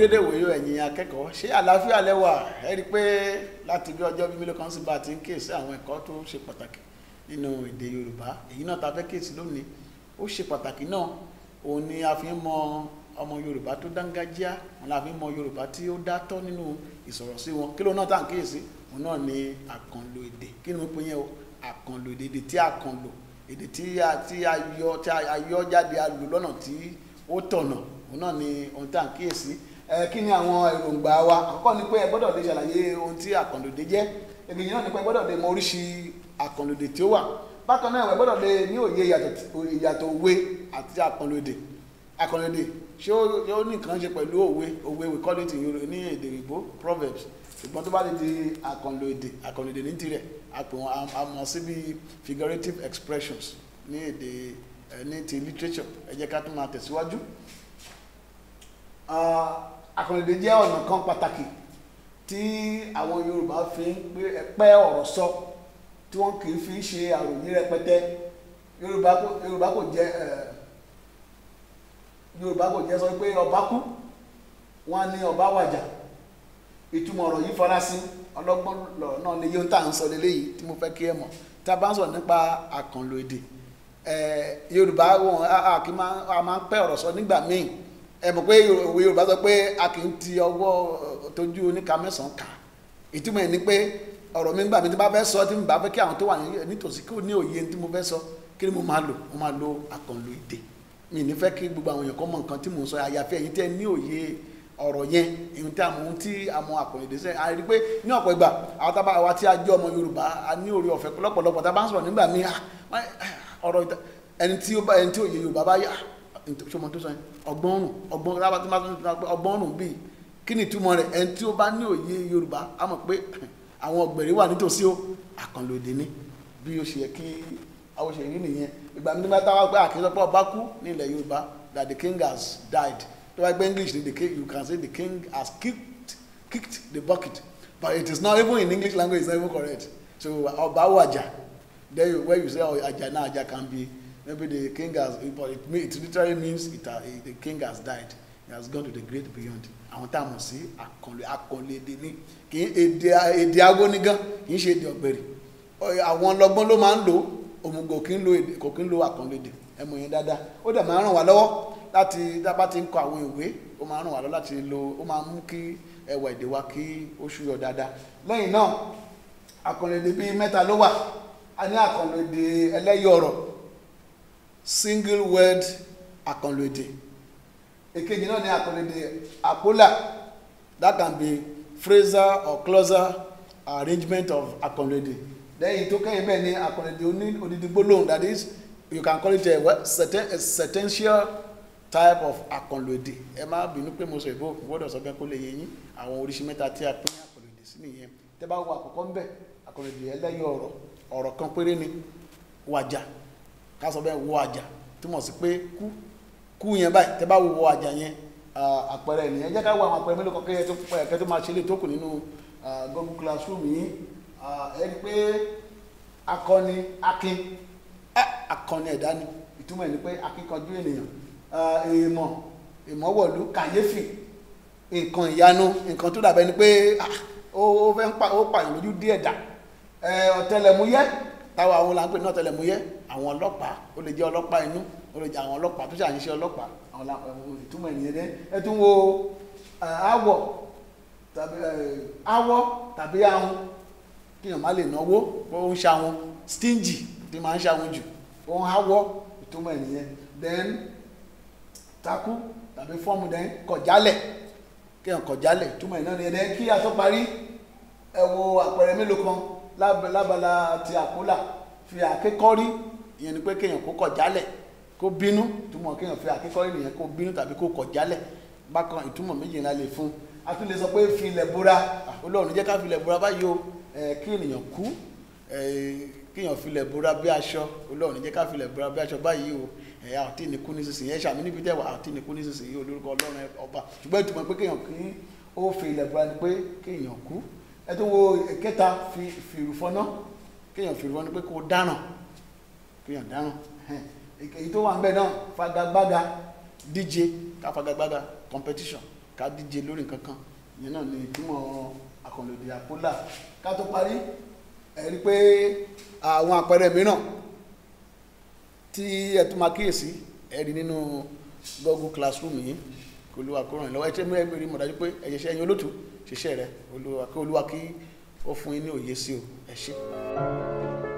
dédé wòye ẹ̀yin akẹ́kọ̀ọ́ ṣé àlàáfíà lẹ́wà ẹ rí i pé láti bí ọjọ́ bíbélì kan sì bá ti ń kíyèsí àwọn ẹ̀kọ́ tó ṣe pàtàkì nínú èdè Yorùbá èyí náà ta fẹ́ kíyèsí lónìí ó ṣe pàtàkì náà òun ni a fi ń mọ ọmọ Yorùbá tó dángájíá òun la fi ń mọ Yorùbá tí ó dátọ́ nínú ìsọ̀rọ̀ sí wọn kí ló náà tá à ń kíyèsí òun náà ni àkànlò èdè kí ni mo pe yẹn o àkànlò èdè èdè tí àkànlò èdè tí a tí a yọ tí a yọ jáde a lò lọ́nà tí ó tọ̀nà òun náà ni ohun tá à ń kíyèsí kí ni àwọn èròǹgbà wa àkọ́kọ́ ni pé ẹ gbọ́dọ̀ lè ṣàlàyé ohun tí àkànlòdè jẹ́ èkejì náà ni pé ẹ gbọ́dọ̀ lè mọ oríṣi àkànlòdè tí ó wà bákan náà ẹ gbọ́dọ̀ lè ní òye ìyàtọ̀ òwe àti àkànlòdè àkànlòdè ṣé ó ní nǹkan ṣe pẹ̀lú òwe òwe we call it ní èdè Ìgbò proverbs ṣùgbọ́n tó bá lè di àkànlòdè àkànlòdè ní tirẹ̀ a sí bí figurative expressions ní èdè ní ti literature ẹ jẹ́ ká tún máa tẹ̀síwájú. Ah, akọ̀nìdè jẹ́ ọ̀nà kan pàtàkì tí àwọn Yorùbá fi ń pẹ́ ọ̀rọ̀ sọ tí wọ́n kì í fi ń ṣe àròyé rẹpẹtẹ Yorùbá kò jẹ́ Yorùbá kò jẹ́ sọ pé ọba kú wọ́n á ní ọba wàjà ìtumọ̀ ọ̀rọ̀ yìí farasin ọlọ́gbọ́n lọ̀rọ̀ náà ni yóò tà ń sọ lélẹ́yìí tí mo fẹ́ kí ẹ mọ̀ tá a bá ń sọ nípa àkànlò èdè Yorùbá wọn a máa ń pẹ́ ọ̀rọ̀ sọ nígbà míì ẹ mọ̀ pé òwe yorùbá sọ pé a kì í ti ọwọ́ tójú oníka mẹ́sàn-án kà ìtumọ̀ ẹ̀ ni pé ọ̀rọ̀ mi ń gbà mí tí bá fẹ́ sọ tí mo bá fẹ́ kí àwọn tó wà nítòsí kí ó ní òye tí mo fẹ́ sọ kí ni mo máa lò mo máa lo àkànlò èdè mi ní fẹ́ kí gbogbo àwọn èèyàn kan mọ nǹkan tí mo ń sọ àyàfi ẹ̀yin tẹ́ ní òye ọ̀rọ̀ yẹn ìhun tí a mọ̀ tí a mọ̀ àkànlò èdè sẹ́yìn a rí i pé ní ọ̀pọ̀ ìgbà àwọn tábà wa tí a jẹ́ ọmọ yorùbá a ní orí ọ̀fẹ́ lọ́pọ̀lọpọ̀ tá a bá ń sọ̀rọ̀ nígbà míì ọ̀rọ̀ ẹni tí ó yorùbá bá yà ṣọmọ tó sọ yẹn ọgbọ́n rùn ọgbọ́n máa tó sọ ọgbọ́n rùn bíi kí ni ìtumọ̀ rẹ̀ ẹni tí ó bá ní òye yorùbá á mọ̀ pé àwọn ọ̀gbẹ̀rẹ̀ wà nítòsí o àkànlòdì ni bí ó ṣe yẹ kí àwọn ṣe rí nìyẹn ìgbà mi ní bá táwa pé àkínsọpọ̀ ọba kú ní ilẹ̀ yorùbá that the king has died tó bá gbé english ni the king you can say the king has kicked kicked the bucket but it is not even in english language it's not even correct so ọba wàjà then you, when you say ọjà náà ajá can be Maybe the king has, but it, it literally means it, uh, the king has died. He has gone to the great beyond. Àwọn tá a mọ̀ sí àkànlé àkànlé èdè ní kì í èdè èdè agbónígán kì í ṣe èdè ọ̀gbẹ̀rì. Àwọn ọlọ́gbọ́n ló máa ń lò òmùgọ̀ kì í lo èdè kò kì í lo àkànlé èdè ẹ mọ̀ yẹn dáadáa. Ó dẹ̀ máa ń ràn wá lọ́wọ́ láti dábàá ti ń kọ àwọn ìwé ó máa ń ràn wá lọ́wọ́ láti lo ó máa ń mú kí ẹwà èdè wa kí ó ṣúyọ dáadáa. Lẹ́yìn náà àkànlé èdè bíi mẹ́ta ló wà single word àkànlòdì èkejì náà ni àkànlòdì àpólà that can be phrasal or closer arrangement of àkànlòdì lẹ́yìn tó kẹ́yìn bẹ́ẹ̀ ni àkànlòdì onídìí gbólóhùn that is you can call it a certain sentential type of àkànlòdì ẹ má bínú pé mo sọ ìbò gbọ́dọ̀ sọ bẹ́ẹ̀ kó lè yé yín àwọn oríṣi mẹ́ta tí a pín àkànlòdì sí nìyẹn tẹ́ bá wo àkọ́kọ́ ń bẹ̀ àkànlòdì ẹlẹ́yọ̀ ọ̀rọ̀ ọ̀rọ̀ kan péré ni wàjà ká sọ bẹ́ẹ̀ wọ àjà túmọ̀ sí pé kú kú yẹn báyìí tẹ́ bá wo wọ àjà yẹn àpẹẹrẹ ènìyàn jẹ́ ká wo àwọn àpẹẹrẹ mélòó kan kẹ́yẹ tó kẹ́ tó máa ṣe lè tó kù nínú Google Classroom yìí ẹ rí pé akọni akin akọni ẹ̀dá ni ìtumọ̀ ẹ̀ ni pé akíkanjú ènìyàn èèmọ̀ ìmọ̀wọ̀lú kàyéfì nǹkan ìyanu nǹkan tó dàbẹ́ ni pé ó fẹ́ ń pààyàn lójú díẹ̀ dà ọ̀tẹlẹ̀múyẹ́ táwa àwọn là ń ọ̀tẹlẹ̀múyẹ́ àwọn ọlọ́pàá ó lè jẹ́ ọlọ́pàá inú ó lè jẹ́ àwọn ọlọ́pàá tó ṣàyẹ̀ṣẹ́ ọlọ́pàá àwọn ìtumọ̀ ènìyàn dé ẹ tún wo awọ tàbí awọ tàbí ahun kí èèyàn má lè náwó ó ń ṣàwọn stingy tí máa ń ṣàwọn jù ó ń awọ ìtumọ̀ ènìyàn then takú tàbí fọ́ọ̀mù then kọ̀jálẹ̀ kí èèyàn kọ̀jálẹ̀ ìtumọ̀ ènìyàn dé then kí a tó parí ẹ wo àpẹẹrẹ mélòó kan lábala ti àkólà fi àkékọ́rí ìyẹn ni pé kéèyàn kó kọ̀ jálẹ̀ kó bínú túmọ̀ kéèyàn fi akẹ́kọ̀ọ́ ènìyàn kó bínú tàbí kó kọ̀ jálẹ̀ bákan ìtumọ̀ méjìlá lè fún a tún lè sọ pé fi ilẹ̀ bora ah, Ọlọ́run jẹ́ ká fi ilẹ̀ bora báyìí o kí ènìyàn kú kéèyàn fi ilẹ̀ bora bí aṣọ Ọlọ́run jẹ́ ká fi ilẹ̀ bora bí aṣọ báyìí o ẹ̀yà àti ìníkú nísinsìnyí ẹ̀ṣà mi níbi tẹ́wọ̀ àti ìníkú nísinsìnyí olórúkọ Ọlọ́run ọba ṣùgbọ́n ìtumọ̀ pé kéèyàn kí ó fi ilẹ̀ bora ni pé kéèyàn kú ẹ tó wo kẹta fi fìrùfọ́ná kéèyàn fìrùfọ́ná pé kó dáràn mi ò dáhùn èyí tó wà ń bẹ náà fagagbága díje ká fagagbága competition ká díje lórí nǹkan kan ìyẹn náà ni ìtumọ̀ àkànlòdì àpólà ká tó parí ẹ̀rí pé àwọn àpẹẹrẹ mìíràn tí ẹ tún máa kíyèsí ẹ̀rí nínú Google Classroom yìí kí olúwa kó ràn yín lọ́wọ́ ẹ tẹ́ mú ẹgbẹ́ rí mọ̀ dájú pé ẹ̀yẹ ṣe ẹyin olótú ṣiṣẹ́ rẹ olúwa kí ó fún yín ní òye sí o ẹ ṣé.